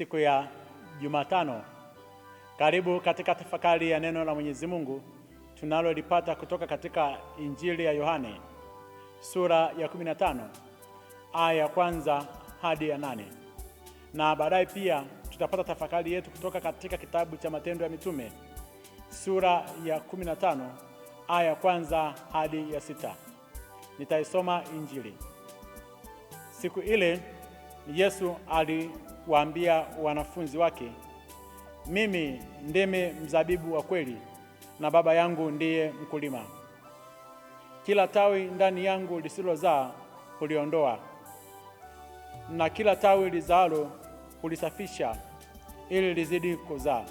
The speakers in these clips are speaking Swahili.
siku ya Jumatano. Karibu katika tafakari ya neno la Mwenyezi Mungu tunalolipata kutoka katika Injili ya Yohane sura ya 15 aya ya kwanza hadi ya nane, na baadaye pia tutapata tafakari yetu kutoka katika kitabu cha Matendo ya Mitume sura ya 15 aya ya kwanza hadi ya sita. Nitaisoma Injili. Siku ile Yesu aliwaambia wanafunzi wake, mimi ndimi mzabibu wa kweli na Baba yangu ndiye mkulima. Kila tawi ndani yangu lisilozaa huliondoa, na kila tawi lizaalo hulisafisha ili lizidi kuzaa.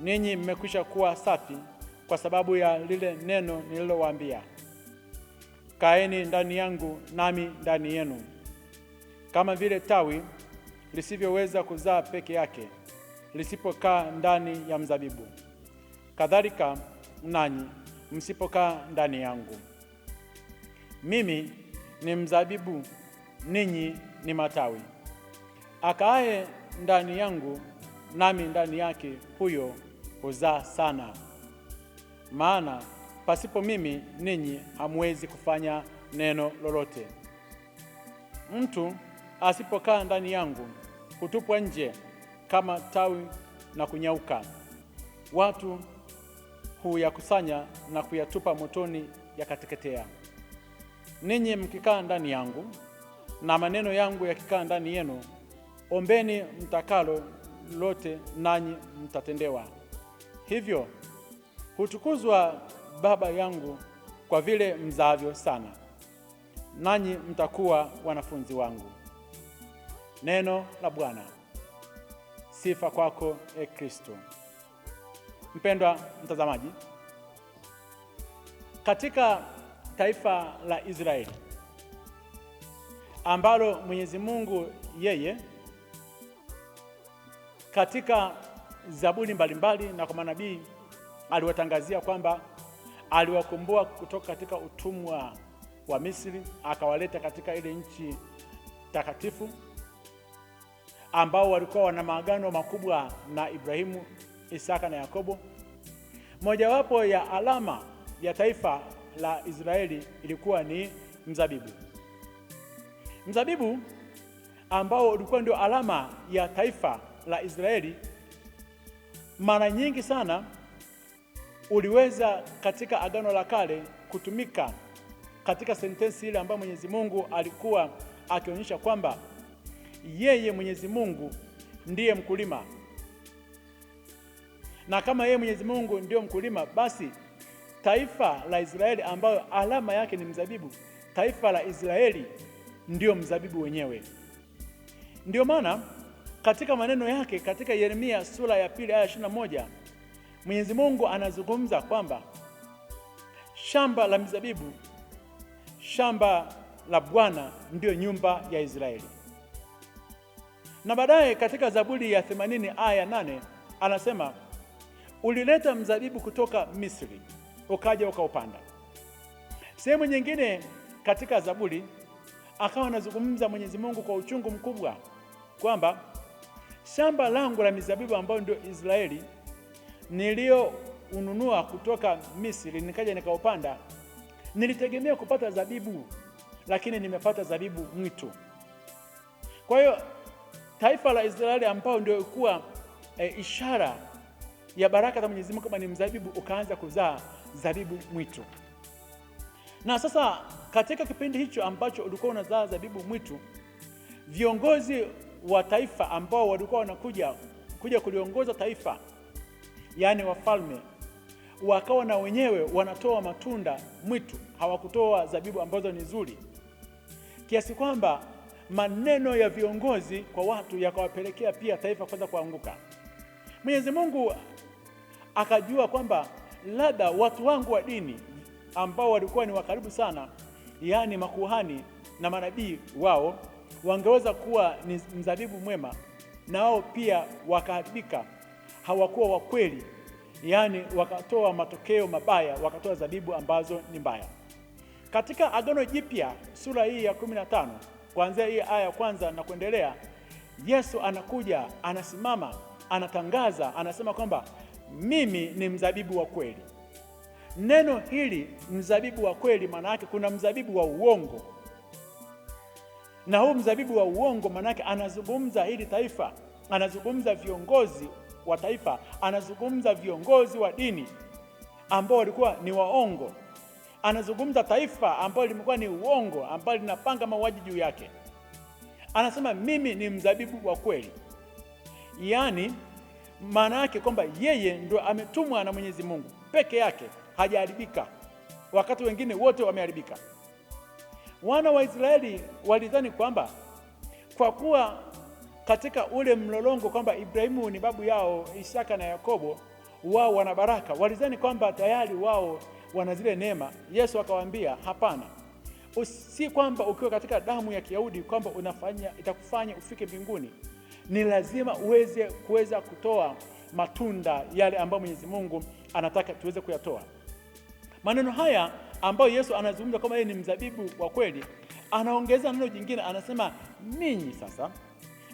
Ninyi mmekwisha kuwa safi kwa sababu ya lile neno nililowaambia. Kaeni ndani yangu nami ndani yenu. Kama vile tawi lisivyoweza kuzaa peke yake lisipokaa ndani ya mzabibu, kadhalika nanyi msipokaa ndani yangu. Mimi ni mzabibu, ninyi ni matawi. Akaaye ndani yangu nami ndani yake, huyo huzaa sana, maana pasipo mimi ninyi hamwezi kufanya neno lolote. Mtu asipokaa ndani yangu hutupwa nje kama tawi na kunyauka. Watu huyakusanya na kuyatupa motoni, yakateketea. Ninyi mkikaa ndani yangu na maneno yangu yakikaa ndani yenu, ombeni mtakalo lote, nanyi mtatendewa. Hivyo hutukuzwa Baba yangu kwa vile mzavyo sana, nanyi mtakuwa wanafunzi wangu. Neno la Bwana. Sifa kwako e Kristo. Mpendwa mtazamaji, katika taifa la Israeli ambalo Mwenyezi Mungu yeye katika zaburi mbalimbali na kwa manabii aliwatangazia kwamba aliwakomboa kutoka katika utumwa wa Misri akawaleta katika ile nchi takatifu ambao walikuwa wana maagano makubwa na Ibrahimu, Isaka na Yakobo. Mojawapo ya alama ya taifa la Israeli ilikuwa ni mzabibu. Mzabibu ambao ulikuwa ndio alama ya taifa la Israeli, mara nyingi sana uliweza katika Agano la Kale kutumika katika sentensi ile ambayo Mwenyezi Mungu alikuwa akionyesha kwamba yeye Mwenyezi Mungu ndiye mkulima, na kama yeye Mwenyezi Mungu ndiyo mkulima, basi taifa la Israeli ambayo alama yake ni mzabibu, taifa la Israeli ndiyo mzabibu wenyewe. Ndiyo maana katika maneno yake katika Yeremia sura ya pili aya 21 Mwenyezi Mungu anazungumza kwamba shamba la mizabibu, shamba la Bwana ndiyo nyumba ya Israeli. Na baadaye katika Zaburi ya 80 aya 8 anasema ulileta mzabibu kutoka Misri ukaja ukaupanda. Sehemu nyingine katika Zaburi akawa anazungumza Mwenyezi Mungu kwa uchungu mkubwa kwamba shamba langu la mizabibu ambayo ndio Israeli ununua kutoka Misri nikaja nikaupanda, nilitegemea kupata zabibu, lakini nimepata zabibu mwitu. Kwa hiyo taifa la Israeli ambao ndio ilikuwa e, ishara ya baraka za Mwenyezi Mungu kama ni mzabibu ukaanza kuzaa zabibu mwitu. Na sasa katika kipindi hicho ambacho ulikuwa unazaa zabibu mwitu, viongozi wa taifa ambao walikuwa wanakuja kuja kuliongoza taifa, yaani wafalme, wakawa na wenyewe wanatoa matunda mwitu, hawakutoa zabibu ambazo ni nzuri, kiasi kwamba maneno ya viongozi kwa watu yakawapelekea pia taifa kwanza kuanguka. Mwenyezi Mungu akajua kwamba labda watu wangu wa dini ambao walikuwa ni wakaribu sana, yaani makuhani na manabii wao wangeweza kuwa ni mzabibu mwema, na wao pia wakaadibika, hawakuwa wa kweli, yaani wakatoa matokeo mabaya, wakatoa zabibu ambazo ni mbaya. Katika Agano Jipya sura hii ya tano kuanzia hii aya ya kwanza na kuendelea, Yesu anakuja, anasimama, anatangaza, anasema kwamba mimi ni mzabibu wa kweli. Neno hili mzabibu wa kweli, maana yake kuna mzabibu wa uongo, na huu mzabibu wa uongo maana yake anazungumza hili taifa, anazungumza viongozi wa taifa, anazungumza viongozi wa dini ambao walikuwa ni waongo Anazungumza taifa ambalo limekuwa ni uongo, ambalo linapanga mauaji juu yake. Anasema mimi ni mzabibu wa kweli, yaani maana yake kwamba yeye ndo ametumwa na Mwenyezi Mungu peke yake, hajaharibika wakati wengine wote wameharibika. Wana wa Israeli walidhani kwamba kwa kuwa katika ule mlolongo kwamba Ibrahimu ni babu yao, Isaka na Yakobo, wao wana baraka. Walidhani kwamba tayari wao wana zile neema. Yesu akawaambia hapana, si kwamba ukiwa katika damu ya Kiyahudi kwamba unafanya itakufanya ufike mbinguni. Ni lazima uweze kuweza kutoa matunda yale ambayo Mwenyezi Mungu anataka tuweze kuyatoa. Maneno haya ambayo Yesu anazungumza kama yeye ni mzabibu wa kweli, anaongeza neno jingine, anasema ninyi sasa,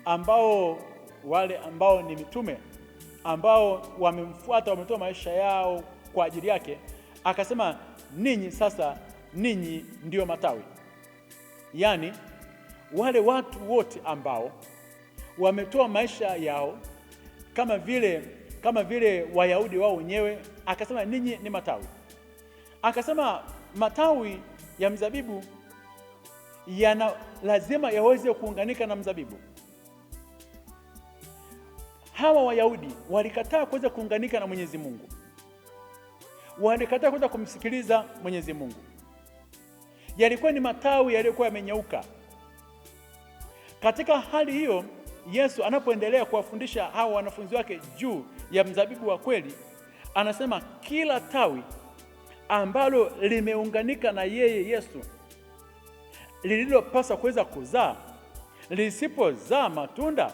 ambao wale ambao ni mitume ambao wamemfuata wametoa maisha yao kwa ajili yake, Akasema ninyi sasa, ninyi ndio matawi, yaani wale watu wote ambao wametoa maisha yao kama vile kama vile Wayahudi wao wenyewe. Akasema ninyi ni matawi. Akasema matawi ya mzabibu yana lazima yaweze kuunganika na mzabibu. Hawa Wayahudi walikataa kuweza kuunganika na Mwenyezi Mungu walikataa kwenda kumsikiliza Mwenyezi Mungu. Yalikuwa ni matawi yaliyokuwa yamenyauka. Katika hali hiyo, Yesu anapoendelea kuwafundisha hao wanafunzi wake juu ya mzabibu wa kweli, anasema kila tawi ambalo limeunganika na yeye Yesu lililopaswa kuweza kuzaa lisipozaa matunda,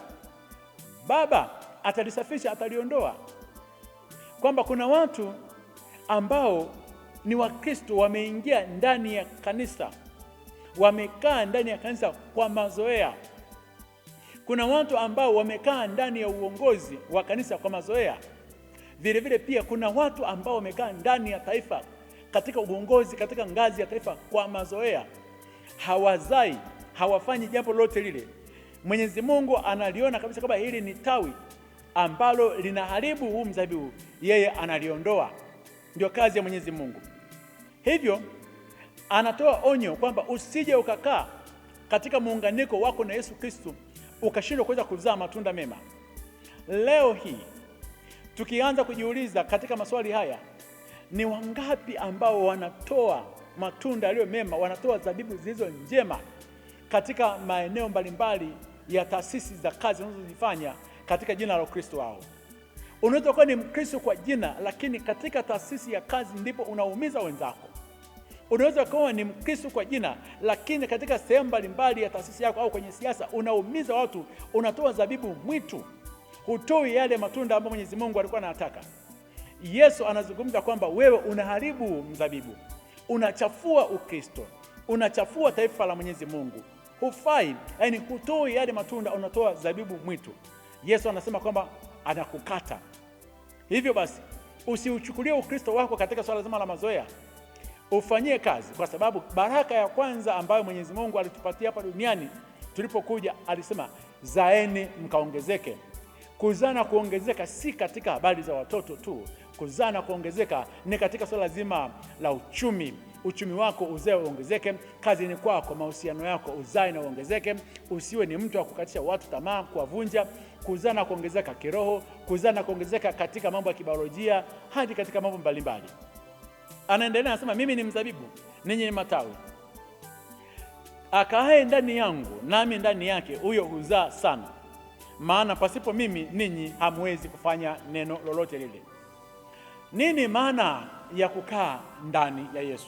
Baba atalisafisha, ataliondoa. Kwamba kuna watu ambao ni Wakristo wameingia ndani ya kanisa, wamekaa ndani ya kanisa kwa mazoea. Kuna watu ambao wamekaa ndani ya uongozi wa kanisa kwa mazoea. Vilevile pia kuna watu ambao wamekaa ndani ya taifa katika uongozi katika ngazi ya taifa kwa mazoea, hawazai, hawafanyi jambo lolote lile. Mwenyezi Mungu analiona kabisa kwamba hili ni tawi ambalo linaharibu huu mzabibu, yeye analiondoa ndio kazi ya Mwenyezi Mungu. Hivyo anatoa onyo kwamba usije ukakaa katika muunganiko wako na Yesu Kristo ukashindwa kuweza kuzaa matunda mema. Leo hii tukianza kujiuliza katika maswali haya, ni wangapi ambao wanatoa matunda yaliyo mema, wanatoa zabibu zilizo njema katika maeneo mbalimbali ya taasisi za kazi wanazozifanya katika jina la Kristo wao? Unaweza kuwa ni Mkristo kwa jina, lakini katika taasisi ya kazi ndipo unaumiza wenzako. Unaweza kuwa ni Mkristo kwa jina, lakini katika sehemu mbalimbali ya taasisi yako au kwenye siasa unaumiza watu, unatoa zabibu mwitu, hutoi yale matunda ambayo Mwenyezi Mungu alikuwa anataka. Yesu anazungumza kwamba wewe unaharibu mzabibu, unachafua Ukristo, unachafua taifa la Mwenyezi Mungu, hufai, yaani hutoi yale matunda, unatoa zabibu mwitu. Yesu anasema kwamba anakukata Hivyo basi usiuchukulie Ukristo wako katika swala zima la mazoea, ufanyie kazi, kwa sababu baraka ya kwanza ambayo Mwenyezi Mungu alitupatia hapa duniani tulipokuja, alisema zaeni mkaongezeke. Kuzaa na kuongezeka si katika habari za watoto tu, kuzaa na kuongezeka ni katika swala zima la uchumi. Uchumi wako uzae uongezeke, kazini kwako, mahusiano yako uzae na uongezeke. Usiwe ni mtu wa kukatisha watu tamaa, kuwavunja kuzaa na kuongezeka kiroho, kuzaa na kuongezeka katika mambo ya kibiolojia hadi katika mambo mbalimbali. Anaendelea anasema, mimi ni mzabibu, ninyi ni matawi, akaaye ndani yangu nami ndani yake, huyo huzaa sana, maana pasipo mimi ninyi hamwezi kufanya neno lolote lile. Nini maana ya kukaa ndani ya Yesu?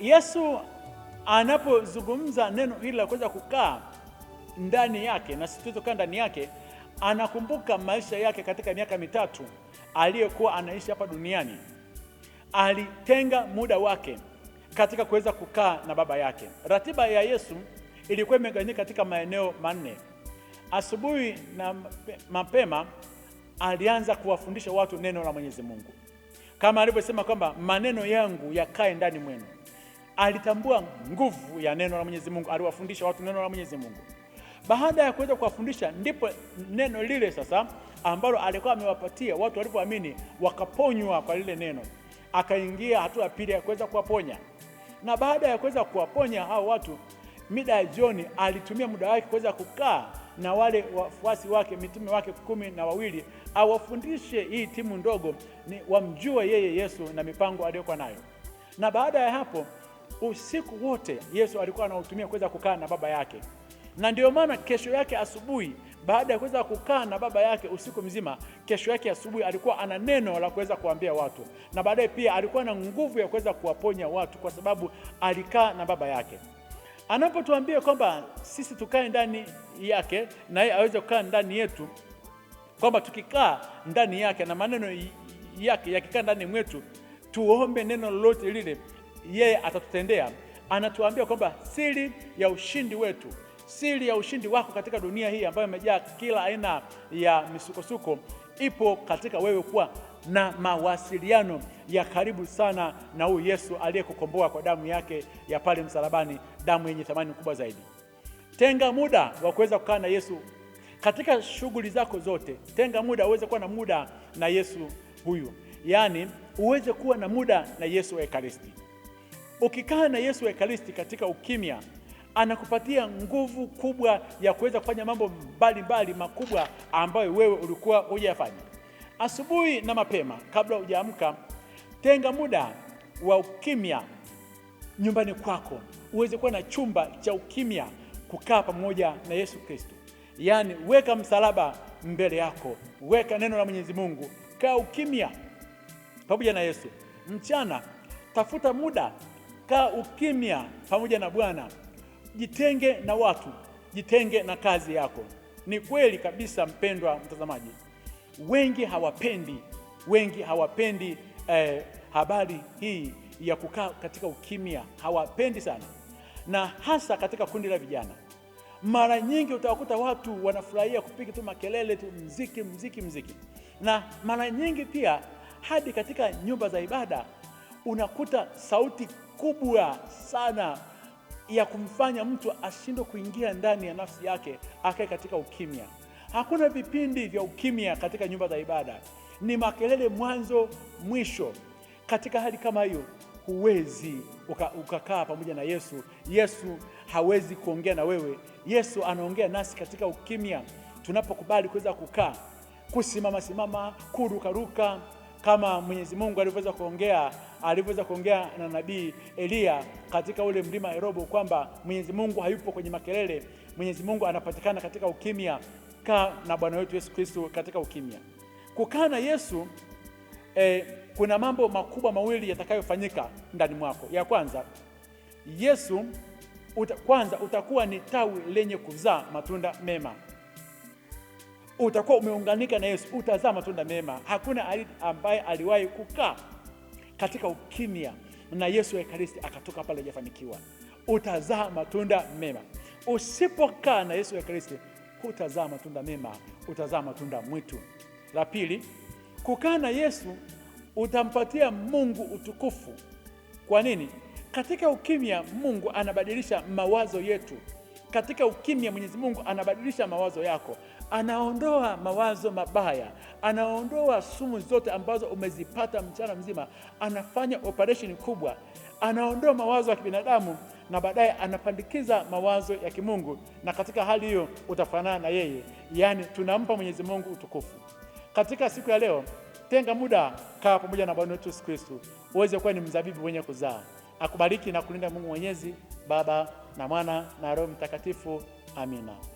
Yesu anapozungumza neno hili la kuweza kukaa ndani yake na situzokaa ndani yake, anakumbuka maisha yake katika miaka mitatu aliyokuwa anaishi hapa duniani. Alitenga muda wake katika kuweza kukaa na baba yake. Ratiba ya Yesu ilikuwa imegawanyika katika maeneo manne. Asubuhi na mapema alianza kuwafundisha watu neno la Mwenyezi Mungu, kama alivyosema kwamba maneno yangu yakae ndani mwenu. Alitambua nguvu ya neno la Mwenyezi Mungu, aliwafundisha watu neno la Mwenyezi Mungu. Baada ya kuweza kuwafundisha, ndipo neno lile sasa ambalo alikuwa amewapatia watu walipoamini wakaponywa kwa lile neno, akaingia hatua ya pili ya kuweza kuwaponya. Na baada ya kuweza kuwaponya hao watu, mida ya jioni alitumia muda wake kuweza kukaa na wale wafuasi wake mitume wake kumi na wawili awafundishe hii timu ndogo, ni wamjue yeye Yesu na mipango aliyokuwa nayo. Na baada ya hapo usiku wote Yesu alikuwa anautumia kuweza kukaa na Baba yake na ndio maana kesho yake asubuhi baada ya kuweza kukaa na baba yake usiku mzima, kesho yake asubuhi alikuwa ana neno la kuweza kuambia watu, na baadaye pia alikuwa na nguvu ya kuweza kuwaponya watu, kwa sababu alikaa na baba yake. Anapotuambia kwamba sisi tukae ndani yake na yeye aweze kukaa ndani yetu, kwamba tukikaa ndani yake na maneno yake yakikaa ndani mwetu, tuombe neno lolote lile, yeye atatutendea. Anatuambia kwamba siri ya ushindi wetu Siri ya ushindi wako katika dunia hii ambayo imejaa kila aina ya misukosuko ipo katika wewe kuwa na mawasiliano ya karibu sana na huyu Yesu aliyekukomboa kwa damu yake ya pale msalabani, damu yenye thamani kubwa zaidi. Tenga muda wa kuweza kukaa na Yesu katika shughuli zako zote. Tenga muda uweze kuwa na muda na Yesu huyu, yaani uweze kuwa na muda na Yesu wa Ekaristi. Ukikaa na Yesu wa Ekaristi katika ukimya anakupatia nguvu kubwa ya kuweza kufanya mambo mbalimbali makubwa ambayo wewe ulikuwa hujayafanya. Asubuhi na mapema, kabla hujaamka, tenga muda wa ukimya nyumbani kwako, uweze kuwa na chumba cha ukimya, kukaa pamoja na Yesu Kristo. Yaani, weka msalaba mbele yako, weka neno la Mwenyezi Mungu, kaa ukimya pamoja na Yesu. Mchana tafuta muda, kaa ukimya pamoja na Bwana. Jitenge na watu, jitenge na kazi yako. Ni kweli kabisa, mpendwa mtazamaji, wengi hawapendi, wengi hawapendi eh, habari hii ya kukaa katika ukimya, hawapendi sana, na hasa katika kundi la vijana. Mara nyingi utawakuta watu wanafurahia kupiga tu makelele tu, mziki, mziki, mziki, na mara nyingi pia hadi katika nyumba za ibada unakuta sauti kubwa sana ya kumfanya mtu ashindwe kuingia ndani ya nafsi yake akae katika ukimya. Hakuna vipindi vya ukimya katika nyumba za ibada, ni makelele mwanzo mwisho. Katika hali kama hiyo huwezi ukakaa uka pamoja na Yesu. Yesu hawezi kuongea na wewe. Yesu anaongea nasi katika ukimya, tunapokubali kuweza kukaa, kusimama simama, kurukaruka kama Mwenyezi Mungu alivyoweza kuongea alivyoweza kuongea na nabii Eliya katika ule mlima Erobo kwamba Mwenyezi Mungu hayupo kwenye makelele, Mwenyezi Mungu anapatikana katika ukimya. Kaa na Bwana wetu Yesu Kristo katika ukimya. Kukaa na Yesu eh, kuna mambo makubwa mawili yatakayofanyika ndani mwako. Ya kwanza Yesu uta, kwanza utakuwa ni tawi lenye kuzaa matunda mema. Utakuwa umeunganika na Yesu, utazaa matunda mema. Hakuna ambaye aliwahi kukaa katika ukimya, na Yesu Ekaristi akatoka pale hajafanikiwa. Utazaa matunda mema. Usipokaa na Yesu Ekaristi hutazaa matunda mema, utazaa matunda mwitu. La pili, kukaa na Yesu utampatia Mungu utukufu. Kwa nini? Katika ukimya Mungu anabadilisha mawazo yetu. Katika ukimya Mwenyezi Mungu anabadilisha mawazo yako anaondoa mawazo mabaya, anaondoa sumu zote ambazo umezipata mchana mzima, anafanya operesheni kubwa, anaondoa mawazo ya kibinadamu na baadaye anapandikiza mawazo ya kimungu, na katika hali hiyo utafanana na yeye, yaani tunampa Mwenyezi Mungu utukufu. Katika siku ya leo, tenga muda, kaa pamoja na Bwana wetu Yesu Kristu uweze kuwa ni mzabibu wenye kuzaa. Akubariki na kulinda Mungu Mwenyezi, Baba na Mwana na Roho Mtakatifu. Amina.